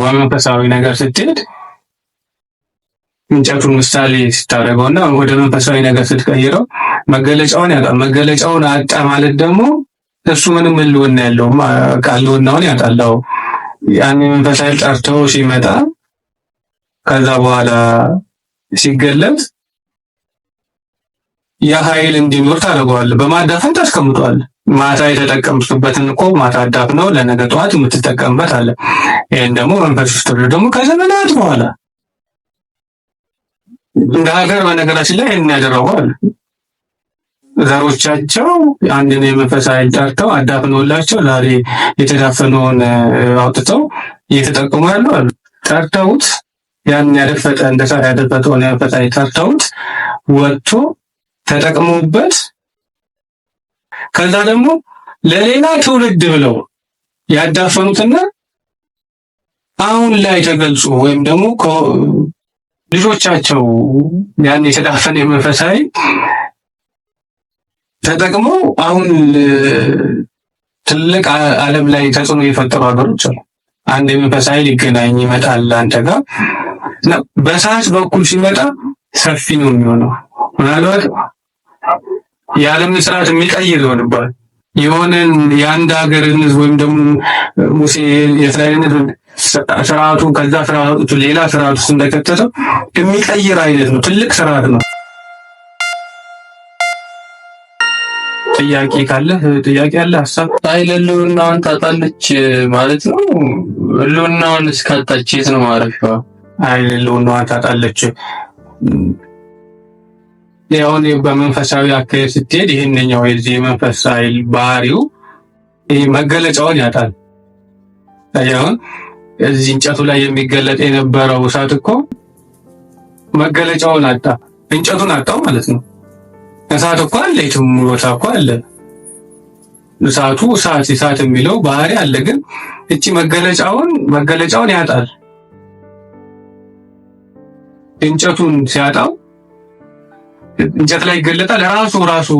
በመንፈሳዊ ነገር ስትሄድ እንጨቱን ምሳሌ ስታደርገው እና ወደ መንፈሳዊ ነገር ስትቀይረው መገለጫውን ያጣል። መገለጫውን አጣ ማለት ደግሞ እሱ ምንም ህልውና ያለውም ቃልውናውን ያጣላው ያን መንፈሳዊ ጠርተው ሲመጣ ከዛ በኋላ ሲገለጥ ያ ኃይል እንዲኖር ታደርገዋለህ። በማዳፈን ታስቀምጠዋለህ። ማታ የተጠቀምሽበትን እኮ ማታ አዳፍ ነው ለነገ ጠዋት የምትጠቀምበት አለ። ይህን ደግሞ መንፈስ ውስጥ ደግሞ ከዘመናት በኋላ እንደ ሀገር በነገራችን ላይ ይህን ያደረጉ አለ። ዘሮቻቸው አንድን የመንፈስ ኃይል ጠርተው አዳፍነውላቸው ዛሬ የተዳፈነውን አውጥተው እየተጠቀሙ ያሉ አሉ። ጠርተውት ያን ያደፈጠ እንደሳር ያደፈጠውን የመንፈስ ኃይል ጠርተውት ወጥቶ ተጠቅመውበት ከዛ ደግሞ ለሌላ ትውልድ ብለው ያዳፈኑትና አሁን ላይ ተገልጾ ወይም ደግሞ ልጆቻቸው ያን የተዳፈነ የመንፈስ ተጠቅሞ ተጠቅመው አሁን ትልቅ ዓለም ላይ ተጽዕኖ የፈጠሩ ሀገሮች አሉ። አንድ የመንፈስ ሊገናኝ ይገናኝ ይመጣል አንተ ጋር በሰዓት በኩል ሲመጣ ሰፊ ነው የሚሆነው ምናልባት የዓለምን ስርዓት የሚቀይር ይሆንባል። የሆነን የአንድ ሀገርን ህዝብ ወይም ደግሞ ሙሴ የእስራኤልን ህዝብ ስርዓቱን ከዛ ስርዓቱ ሌላ ስርዓቱ ውስጥ እንደከተተው የሚቀይር አይነት ነው። ትልቅ ስርዓት ነው። ጥያቄ ካለ ጥያቄ አለ ሀሳብ አይ ለህልውናዋን ታጣለች ማለት ነው። ህልውናዋን እስካጣች የት ነው ማረፊያዋ? አይ ለህልውናዋን ታጣለች ያሁን በመንፈሳዊ አካሄድ ስትሄድ ይህንኛው የዚህ የመንፈስ ባህሪው መገለጫውን ያጣል። አሁን እዚህ እንጨቱ ላይ የሚገለጥ የነበረው እሳት እኮ መገለጫውን አጣ፣ እንጨቱን አጣው ማለት ነው። እሳት እኮ አለ፣ የትም ቦታ እኮ አለ። እሳቱ እሳት እሳት የሚለው ባህሪ አለ፣ ግን እቺ መገለጫውን መገለጫውን ያጣል። እንጨቱን ሲያጣው እንጨት ላይ ይገለጣል። ራሱ ራሱ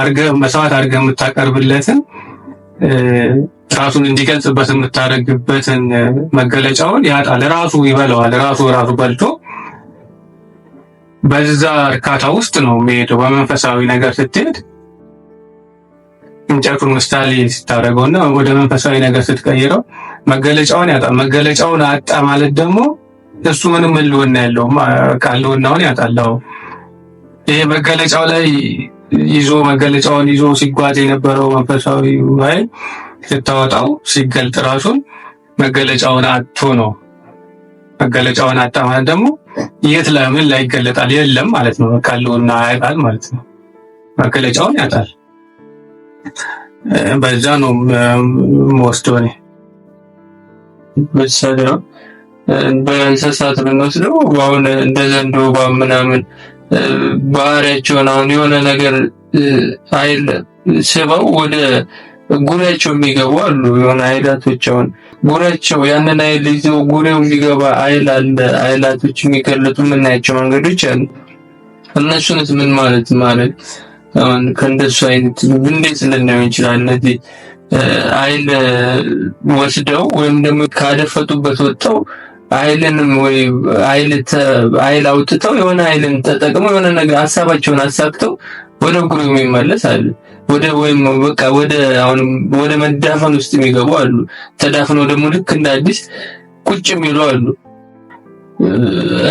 አርገ መስዋዕት አርገ የምታቀርብለትን ራሱን እንዲገልጽበት የምታደርግበትን መገለጫውን ያጣል። ራሱ ይበላዋል። ራሱ ራሱ በልቶ በዛ እርካታ ውስጥ ነው የሚሄደው። በመንፈሳዊ ነገር ስትሄድ እንጨቱን ምሳሌ ሲታደረገውና ወደ መንፈሳዊ ነገር ስትቀይረው መገለጫውን ያጣል። መገለጫውን አጣ ማለት ደግሞ እሱ ምንም ህልውና የለውም። ህልውናውን ያጣለው ይሄ መገለጫው ላይ ይዞ መገለጫውን ይዞ ሲጓዝ የነበረው መንፈሳዊ ኃይል ስታወጣው ሲገልጥ ራሱን መገለጫውን አቶ ነው። መገለጫውን አጣ ማለት ደግሞ የት ለምን ላይ ይገለጣል የለም ማለት ነው። ካለውና ያጣል ማለት ነው። መገለጫውን ያጣል። በዛ ነው የምወስደው እኔ በእንስሳት ብንወስደው አሁን እንደ ዘንዶ ምናምን ባህሪያቸውን አሁን የሆነ ነገር አይል ስበው ወደ ጉሪያቸው የሚገቡ አሉ። የሆነ አይላቶች አሁን ጉሪያቸው ያንን አይል ይዞ ጉሬው የሚገባ አይል አለ። አይላቶች የሚገለጡ የምናያቸው መንገዶች አሉ። እነሱንስ ምን ማለት ማለት አሁን ከእንደሱ አይነት እንዴት ልናየው እንችላለን? እነዚህ አይል ወስደው ወይም ደግሞ ካደፈጡበት ወጥተው አይልንም ወይ አይል አውጥተው የሆነ አይልን ተጠቅመው የሆነ ነገር ሀሳባቸውን አሳክተው ወደ ጉሩ የሚመለስ አለ። ወደ ወይም በቃ ወደ አሁን ወደ መዳፈን ውስጥ የሚገቡ አሉ። ተዳፍነው ደግሞ ልክ እንደ አዲስ ቁጭ የሚሉ አሉ።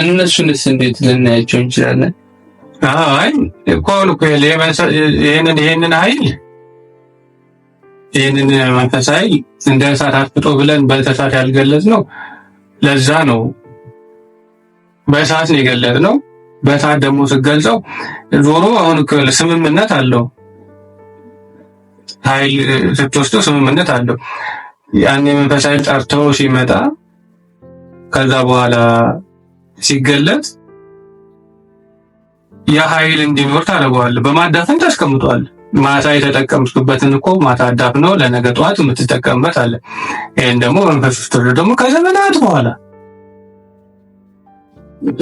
እነሱንስ እንዴት ልናያቸው እንችላለን? አይ እኮ እኮ ይሄንን ይሄንን ኃይል ይሄንን መንፈስ እንደ እሳት አጥፍጦ ብለን በእሳት ያልገለጽ ነው ለዛ ነው በእሳት ነው ነው። በእሳት ደግሞ ስገልጸው ዞሮ አሁን ስምምነት አለው ኃይል ስትወስደው ስምምነት አለው። ያን መንፈስ ኃይል ጠርተው ሲመጣ ከዛ በኋላ ሲገለጥ ያ ኃይል እንዲኖር ታደርገዋለህ። በማዳፍን ታስቀምጠዋለህ። ማታ የተጠቀምኩበትን እኮ ማታ አዳፍ ነው ለነገ ጠዋት የምትጠቀምበት አለ። ይህን ደግሞ መንፈስ ትውልድ ደግሞ ከዘመናት በኋላ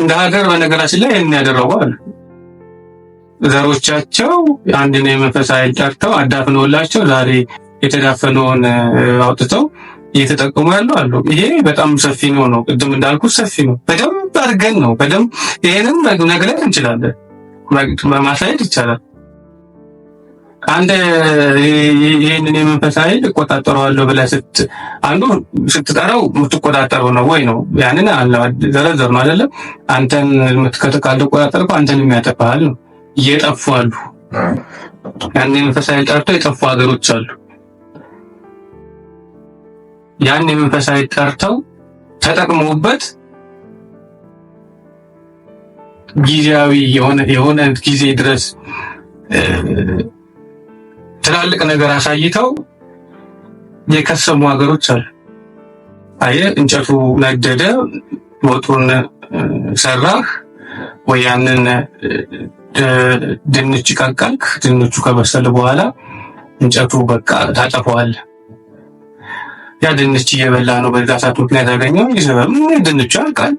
እንደ ሀገር በነገራችን ላይ ይህን ያደረጉ አለ። ዘሮቻቸው አንድን የመንፈስ ኃይል ጠርተው አዳፍነውላቸው ዛሬ የተዳፈነውን አውጥተው እየተጠቀሙ ያሉ አሉ። ይሄ በጣም ሰፊ ነው ነው ቅድም እንዳልኩት ሰፊ ነው። በደንብ አድርገን ነው በደንብ ይህንም መግለጥ እንችላለን፣ በማሳየት ይቻላል። አንተ ይህንን የመንፈስ ኃይል እቆጣጠረዋለሁ ብለህ ስት አንዱ ስትጠራው የምትቆጣጠረው ነው ወይ ነው ያንን ዘረዘር ነው አይደለም። አንተን ካልተቆጣጠርከው አንተን የሚያጠፋሃል ነው። እየጠፉ አሉ። ያን የመንፈስ ኃይል ጠርቶ የጠፉ ሀገሮች አሉ። ያን የመንፈስ ኃይል ጠርተው ተጠቅመውበት ጊዜያዊ የሆነ ጊዜ ድረስ ትላልቅ ነገር አሳይተው የከሰሙ ሀገሮች አሉ። አየ እንጨቱ ነደደ፣ ወጡን ሰራህ ወይ ያንን ድንች ቀቀልክ። ድንቹ ከበሰለ በኋላ እንጨቱ በቃ ታጠፈዋለህ። ያ ድንች እየበላ ነው ሰዓት ምክንያት ያገኘው ይሰበም ድንቹ ያልቃል።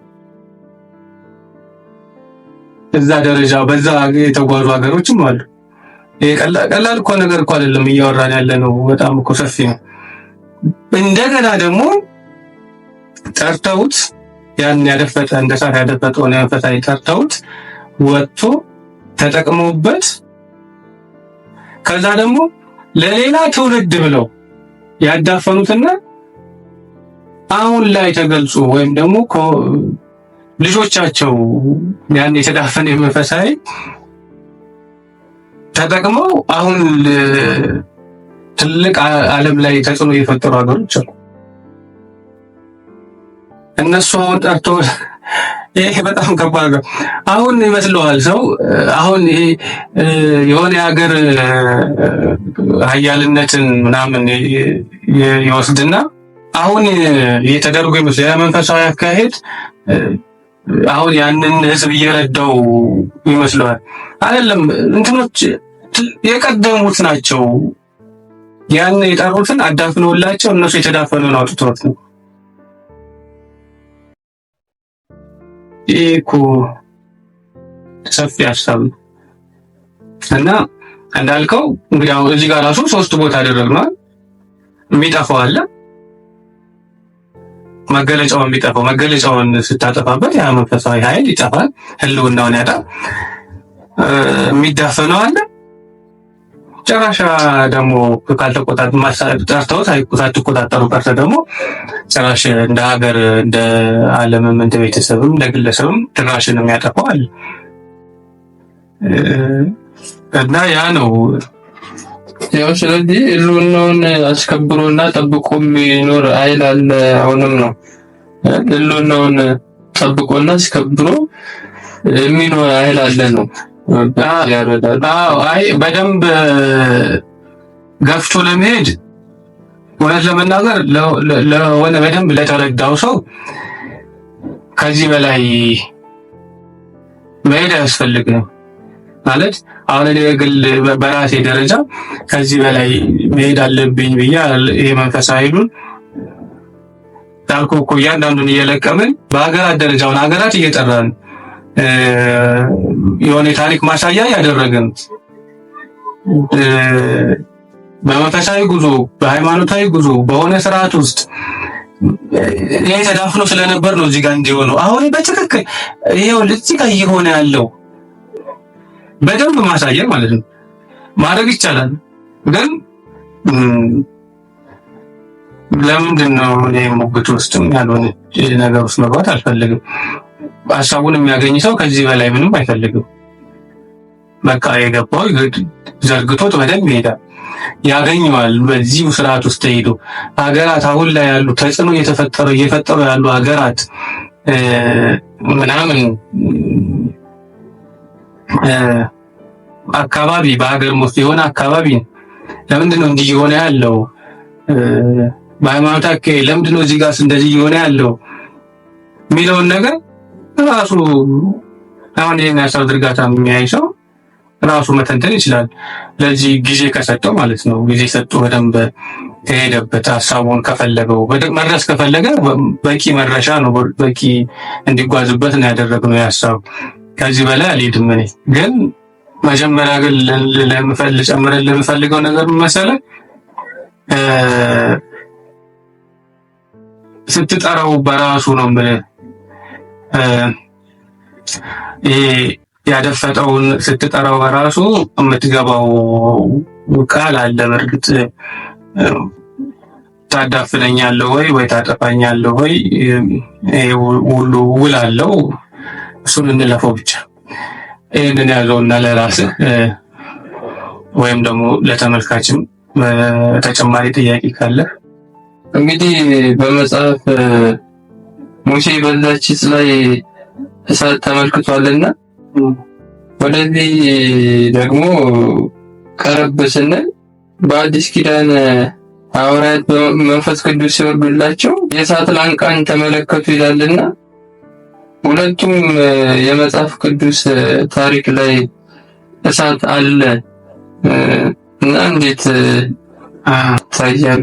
እዛ ደረጃ በዛ የተጓዙ ሀገሮችም አሉ። ቀላል እኮ ነገር እኮ አይደለም እያወራን ያለ ነው። በጣም እኮ ሰፊ ነው። እንደገና ደግሞ ጠርተውት ያን ያደፈጠ እንደ ሳር ያደፈጠውን ፈታኝ ጠርተውት ወጥቶ ተጠቅመውበት ከዛ ደግሞ ለሌላ ትውልድ ብለው ያዳፈኑትና አሁን ላይ ተገልጾ ወይም ደግሞ ልጆቻቸው ያን የተዳፈነ መንፈሳዊ ተጠቅመው አሁን ትልቅ ዓለም ላይ ተጽዕኖ የፈጠሩ ሀገሮች አሉ። እነሱ አሁን ጠርቶ ይሄ በጣም ከባድ ነው። አሁን ይመስለዋል ሰው አሁን ይሄ የሆነ የሀገር ሀያልነትን ምናምን ይወስድና አሁን የተደረጉ ይመስሉ የመንፈሳዊ አካሄድ አሁን ያንን ህዝብ እየረዳው ይመስለዋል። አይደለም እንትኖች የቀደሙት ናቸው። ያን የጠሩትን አዳፍነውላቸው እነሱ የተዳፈኑን አውጥቶት ነው። ይህ እኮ ሰፊ ሀሳብ ነው እና እንዳልከው እንግዲህ እዚህ ጋር ራሱ ሶስት ቦታ አደረግነዋል። የሚጠፋው አለ መገለጫውን የሚጠፋው መገለጫውን ስታጠፋበት ያ መንፈሳዊ ኃይል ይጠፋል፣ ህልውናውን ያጣ። የሚዳፈነው አለ ጨራሻ ደግሞ ካልተቆጣጥ ጠርተውት ሳትቆጣጠሩ ቀርተ ደግሞ ጨራሽ እንደ ሀገር እንደ ዓለምም እንደ ቤተሰብም እንደ ግለሰብም ድራሽን የሚያጠፋው እና ያ ነው ያው። ስለዚህ ህልውናውን አስከብሮና ጠብቆ የሚኖር አይል አለ። አሁንም ነው ህልውናውን ጠብቆና አስከብሮ የሚኖር አይል አለ ነው አይ በደንብ ገፍቶ ለመሄድ እውነት ለመናገር ለሆነ በደንብ ለተረዳው ሰው ከዚህ በላይ መሄድ አያስፈልግም። ማለት አሁን እኔ ግል በራሴ ደረጃ ከዚህ በላይ መሄድ አለብኝ ብዬ ይሄ መንፈሳ ኃይሉን ዳልኮ እኮ እያንዳንዱን እየለቀምን በሀገራት ደረጃውን ሀገራት እየጠራን የሆነ የታሪክ ማሳያ ያደረገን በመንፈሳዊ ጉዞ፣ በሃይማኖታዊ ጉዞ፣ በሆነ ስርዓት ውስጥ ይህ ተዳፍኖ ስለነበር ነው እዚህ ጋር እንዲሆነው። አሁን በትክክል ይሄው እዚህ ጋር እየሆነ ያለው በደንብ ማሳያ ማለት ነው። ማድረግ ይቻላል፣ ግን ለምንድን ነው እኔ ሙግት ውስጥም ያልሆነ ነገር ውስጥ መግባት አልፈልግም። ሀሳቡን የሚያገኝ ሰው ከዚህ በላይ ምንም አይፈልግም። በቃ የገባው ዘርግቶት በደንብ ይሄዳል፣ ያገኘዋል። በዚሁ ስርዓት ውስጥ ሄዶ ሀገራት አሁን ላይ ያሉ ተጽዕኖ እየተፈጠረ እየፈጠሩ ያሉ ሀገራት ምናምን አካባቢ በሀገር ውስጥ የሆነ አካባቢ ለምንድን ነው እንዲህ የሆነ ያለው? በሃይማኖት አካባቢ ለምንድን ነው እዚህ ጋር እንደዚህ የሆነ ያለው የሚለውን ነገር ራሱ አሁን ይህን ያሳብ ድርጋታ የሚያይ ሰው ራሱ መተንተን ይችላል። ለዚህ ጊዜ ከሰጠው ማለት ነው። ጊዜ ሰጡ በደንብ ከሄደበት ሀሳቡን ከፈለገው መድረስ ከፈለገ በቂ መድረሻ ነው፣ በቂ እንዲጓዝበት ነው ያደረግነው የሀሳብ ከዚህ በላይ አልሄድም። እኔ ግን መጀመሪያ ግን ልጨምረን ለምፈልገው ነገር መሰለህ ስትጠራው በራሱ ነው የምልህ ያደፈጠውን ስትጠራው በራሱ የምትገባው ቃል አለ። በእርግጥ ታዳፍነኛለህ ወይ ወይ ታጠፋኛለህ ወይ ሁሉ ውል አለው። እሱን እንለፈው ብቻ። ይህንን ያዘውና ለራስህ ወይም ደግሞ ለተመልካችም ተጨማሪ ጥያቄ ካለ እንግዲህ በመጽሐፍ ሙሴ በዛች ላይ እሳት ተመልክቷልና ወደዚህ ደግሞ ቀረብ ስንል በአዲስ ኪዳን ሐዋርያት በመንፈስ ቅዱስ ሲወርድላቸው የእሳት ላንቃን ተመለከቱ ይላልና ሁለቱም የመጽሐፍ ቅዱስ ታሪክ ላይ እሳት አለ እና እንዴት ይታያል።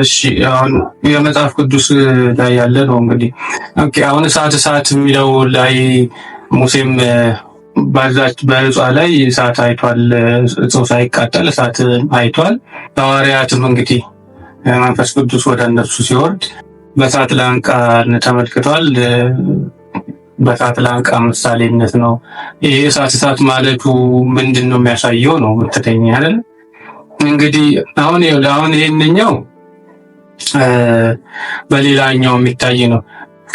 እሺ አሁን የመጽሐፍ ቅዱስ ላይ ያለ ነው እንግዲህ። ኦኬ አሁን እሳት እሳት የሚለው ላይ ሙሴም ባዛች በእጿ ላይ እሳት አይቷል፣ እጽው ሳይቃጠል እሳት አይቷል። ሐዋርያትም እንግዲህ መንፈስ ቅዱስ ወደ እነሱ ሲወርድ በእሳት ላንቃ ተመልክቷል። በእሳት ላንቃ ምሳሌነት ነው ይህ እሳት እሳት ማለቱ ምንድን ነው የሚያሳየው ነው ምትለኝ አይደል? እንግዲህ አሁን አሁን ይህንኛው በሌላኛው የሚታይ ነው።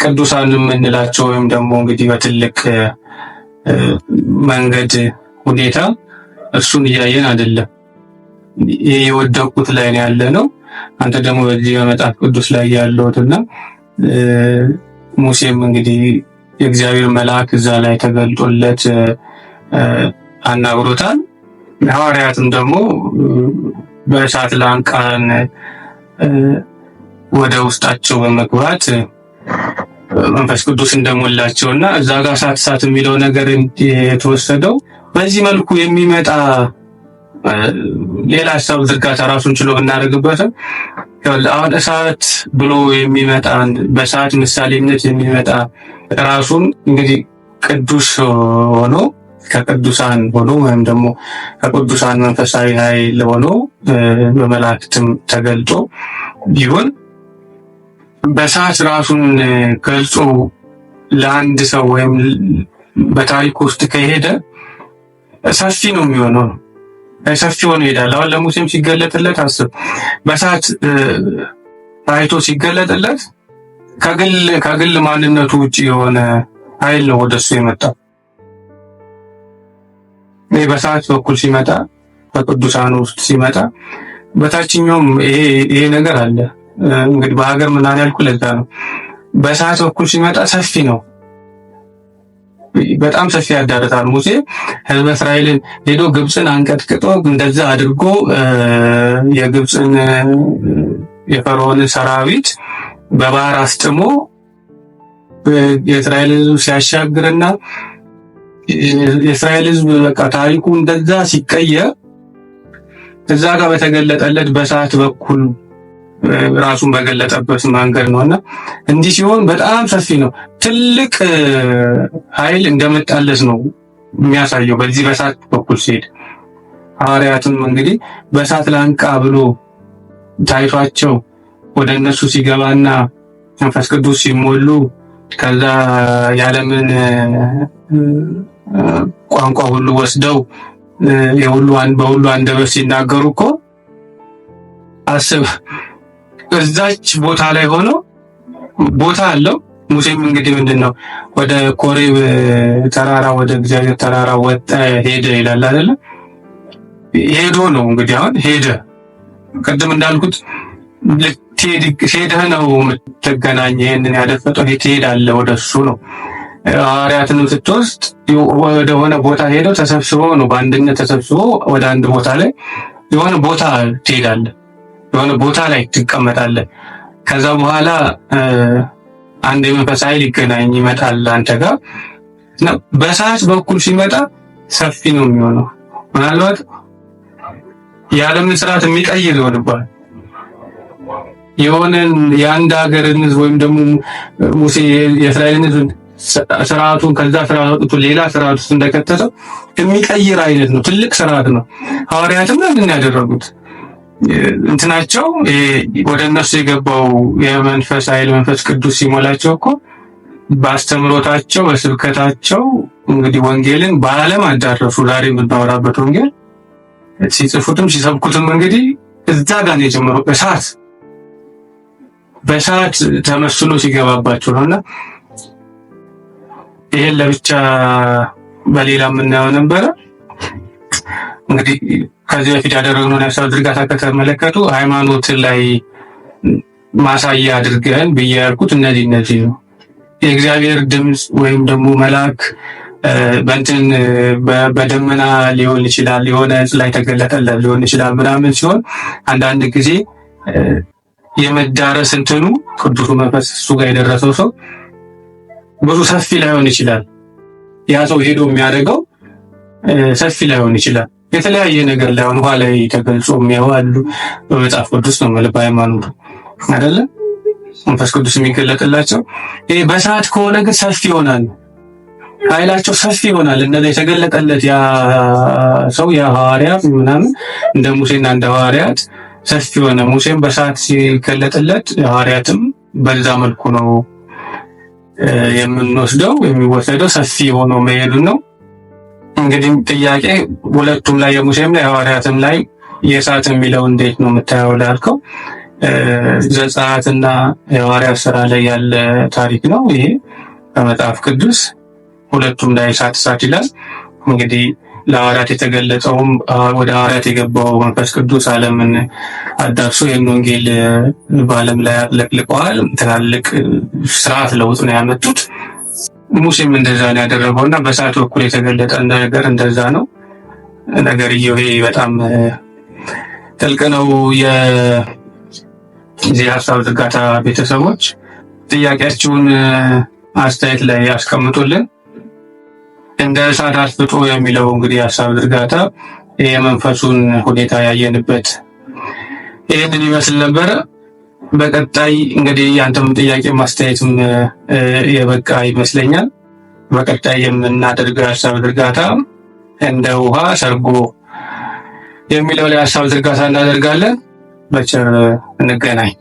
ቅዱሳን የምንላቸው ወይም ደግሞ እንግዲህ በትልቅ መንገድ ሁኔታ እርሱን እያየን አይደለም። ይህ የወደቁት ላይ ነው ያለ ነው። አንተ ደግሞ በዚህ በመጽሐፍ ቅዱስ ላይ እና ሙሴም እንግዲህ የእግዚአብሔር መልአክ እዛ ላይ ተገልጦለት አናግሮታል። ሐዋርያትም ደግሞ በእሳት ላንቃን ወደ ውስጣቸው በመግባት መንፈስ ቅዱስ እንደሞላቸው እና እዛ ጋር እሳት እሳት የሚለው ነገር የተወሰደው በዚህ መልኩ የሚመጣ ሌላ ሀሳብ ዝርጋታ ራሱን ችሎ ብናደርግበትም አሁን እሳት ብሎ የሚመጣ በሰዓት ምሳሌነት የሚመጣ ራሱን እንግዲህ ቅዱስ ሆኖ ከቅዱሳን ሆኖ ወይም ደግሞ ከቅዱሳን መንፈሳዊ ኃይል ሆኖ በመላእክትም ተገልጦ ቢሆን በሳት ራሱን ገልጾ ለአንድ ሰው ወይም በታሪክ ውስጥ ከሄደ ሰፊ ነው የሚሆነው። ሰፊ ሆኖ ይሄዳል። አሁን ለሙሴም ሲገለጥለት አስብ፣ በሳት ታይቶ ሲገለጥለት ከግል ማንነቱ ውጭ የሆነ ኃይል ነው ወደሱ የመጣው። ይህ በሰዓት በኩል ሲመጣ በቅዱሳኑ ውስጥ ሲመጣ በታችኛውም ይሄ ነገር አለ። እንግዲህ በሀገር ምናምን ያልኩ ለዛ ነው። በሰዓት በኩል ሲመጣ ሰፊ ነው፣ በጣም ሰፊ ያዳርታል። ሙሴ ሕዝበ እስራኤልን ሄዶ ግብፅን አንቀጥቅጦ እንደዛ አድርጎ የግብፅን የፈርዖንን ሰራዊት በባህር አስጥሞ የእስራኤል ህዝብ ሲያሻግርና የእስራኤል ህዝብ በቃ ታሪኩ እንደዛ ሲቀየር እዛ ጋር በተገለጠለት በሰዓት በኩል ራሱን በገለጠበት መንገድ ነው እና እንዲህ ሲሆን በጣም ሰፊ ነው። ትልቅ ኃይል እንደመጣለት ነው የሚያሳየው በዚህ በሳት በኩል ሲሄድ ሐዋርያትም እንግዲህ በሳት ላንቃ ብሎ ታይቷቸው ወደ እነሱ ሲገባና መንፈስ ቅዱስ ሲሞሉ ከዛ የዓለምን ቋንቋ ሁሉ ወስደው የሁሉ በሁሉ አንደበት ሲናገሩ እኮ አስብ እዛች ቦታ ላይ ሆነው ቦታ አለው። ሙሴም እንግዲህ ምንድን ነው ወደ ኮሬብ ተራራ ወደ እግዚአብሔር ተራራ ወጣ ሄደ ይላል አይደለ? ሄዶ ነው እንግዲህ አሁን ሄደ። ቅድም እንዳልኩት ሄደህ ነው የምትገናኝ። ይህንን ያደፈጠው ትሄዳለህ ወደ እሱ ነው ሐዋርያትንም ስትወስድ ወደሆነ ቦታ ሄደው ተሰብስቦ ነው በአንድነት ተሰብስቦ ወደ አንድ ቦታ ላይ የሆነ ቦታ ትሄዳለ የሆነ ቦታ ላይ ትቀመጣለ። ከዛ በኋላ አንድ የመንፈስ ኃይል ይገናኝ ይመጣል አንተ ጋር እና በሰዓት በኩል ሲመጣ ሰፊ ነው የሚሆነው። ምናልባት የዓለምን ስርዓት የሚቀይር ይሆንባል። የሆነን የአንድ ሀገርን ህዝብ ወይም ደግሞ ሙሴ የእስራኤልን ህዝብ ስርዓቱን ከዛ ስርዓት ሌላ ስርዓት ውስጥ እንደከተተው የሚቀይር አይነት ነው። ትልቅ ስርዓት ነው። ሐዋርያትም ምንድን ያደረጉት እንትናቸው ወደ እነሱ የገባው የመንፈስ ኃይል መንፈስ ቅዱስ ሲሞላቸው እኮ በአስተምሮታቸው በስብከታቸው እንግዲህ ወንጌልን በዓለም አዳረሱ። ዛሬ የምናወራበት ወንጌል ሲጽፉትም ሲሰብኩትም እንግዲህ እዛ ጋር ነው የጀመረው። እሳት በእሳት ተመስሎ ሲገባባቸው ነው እና ይሄን ለብቻ በሌላ የምናየው ነበረ። እንግዲህ ከዚህ በፊት ያደረግነው ነፍሰ ዝርጋታ ከተመለከቱ ሃይማኖት ላይ ማሳያ አድርገን ብዬ ያልኩት እነዚህ እነዚህ ነው። የእግዚአብሔር ድምፅ ወይም ደግሞ መልአክ በእንትን በደመና ሊሆን ይችላል፣ የሆነ ዕፅ ላይ ተገለጠለ ሊሆን ይችላል ምናምን ሲሆን አንዳንድ ጊዜ የመዳረስ እንትኑ ቅዱሱ መንፈስ እሱ ጋር የደረሰው ሰው ብዙ ሰፊ ላይሆን ይችላል። ያ ሰው ሄዶ የሚያደርገው ሰፊ ላይሆን ይችላል። የተለያየ ነገር ላይሆን ውሃ ላይ ተገልጾ የሚያዋሉ በመጽሐፍ ቅዱስ ነው መልብ ሃይማኖቱ አይደለም መንፈስ ቅዱስ የሚገለጥላቸው። ይሄ በሰዓት ከሆነ ግን ሰፊ ይሆናል፣ ኃይላቸው ሰፊ ይሆናል። እነዛ የተገለጠለት ያ ሰው ያ ሐዋርያ ምናምን እንደ ሙሴና እንደ ሐዋርያት ሰፊ ሆነ። ሙሴም በሰዓት ሲገለጥለት ሐዋርያትም በዛ መልኩ ነው የምንወስደው የሚወሰደው ሰፊ ሆኖ መሄዱን ነው። እንግዲህ ጥያቄ ሁለቱም ላይ የሙሴም ላይ የሐዋርያትም ላይ የእሳት የሚለው እንዴት ነው የምታየው ላልከው ዘጸአትና የሐዋርያት ስራ ላይ ያለ ታሪክ ነው ይሄ በመጽሐፍ ቅዱስ ሁለቱም ላይ እሳት እሳት ይላል እንግዲህ ለሐዋርያት የተገለጠውም ወደ ሐዋርያት የገባው መንፈስ ቅዱስ ዓለምን አዳርሶ ይህን ወንጌል በዓለም ላይ አጥለቅልቀዋል። ትላልቅ ስርዓት ለውጥ ነው ያመጡት። ሙሴም እንደዛ ነው ያደረገው እና በሰዓት በኩል የተገለጠ ነገር እንደዛ ነው። ነገር እየሄ በጣም ጥልቅ ነው። የዚህ ሀሳብ ዝርጋታ ቤተሰቦች ጥያቄያችሁን አስተያየት ላይ ያስቀምጡልን። እንደ እሳት አስፍጦ የሚለው እንግዲህ ሀሳብ ዝርጋታ የመንፈሱን ሁኔታ ያየንበት ይህንን ይመስል ነበረ። በቀጣይ እንግዲህ ያንተም ጥያቄ ማስተያየትም የበቃ ይመስለኛል። በቀጣይ የምናደርገው ሀሳብ ዝርጋታ እንደ ውሃ ሰርጎ የሚለው ላይ ሀሳብ ዝርጋታ እናደርጋለን። በቸር እንገናኝ።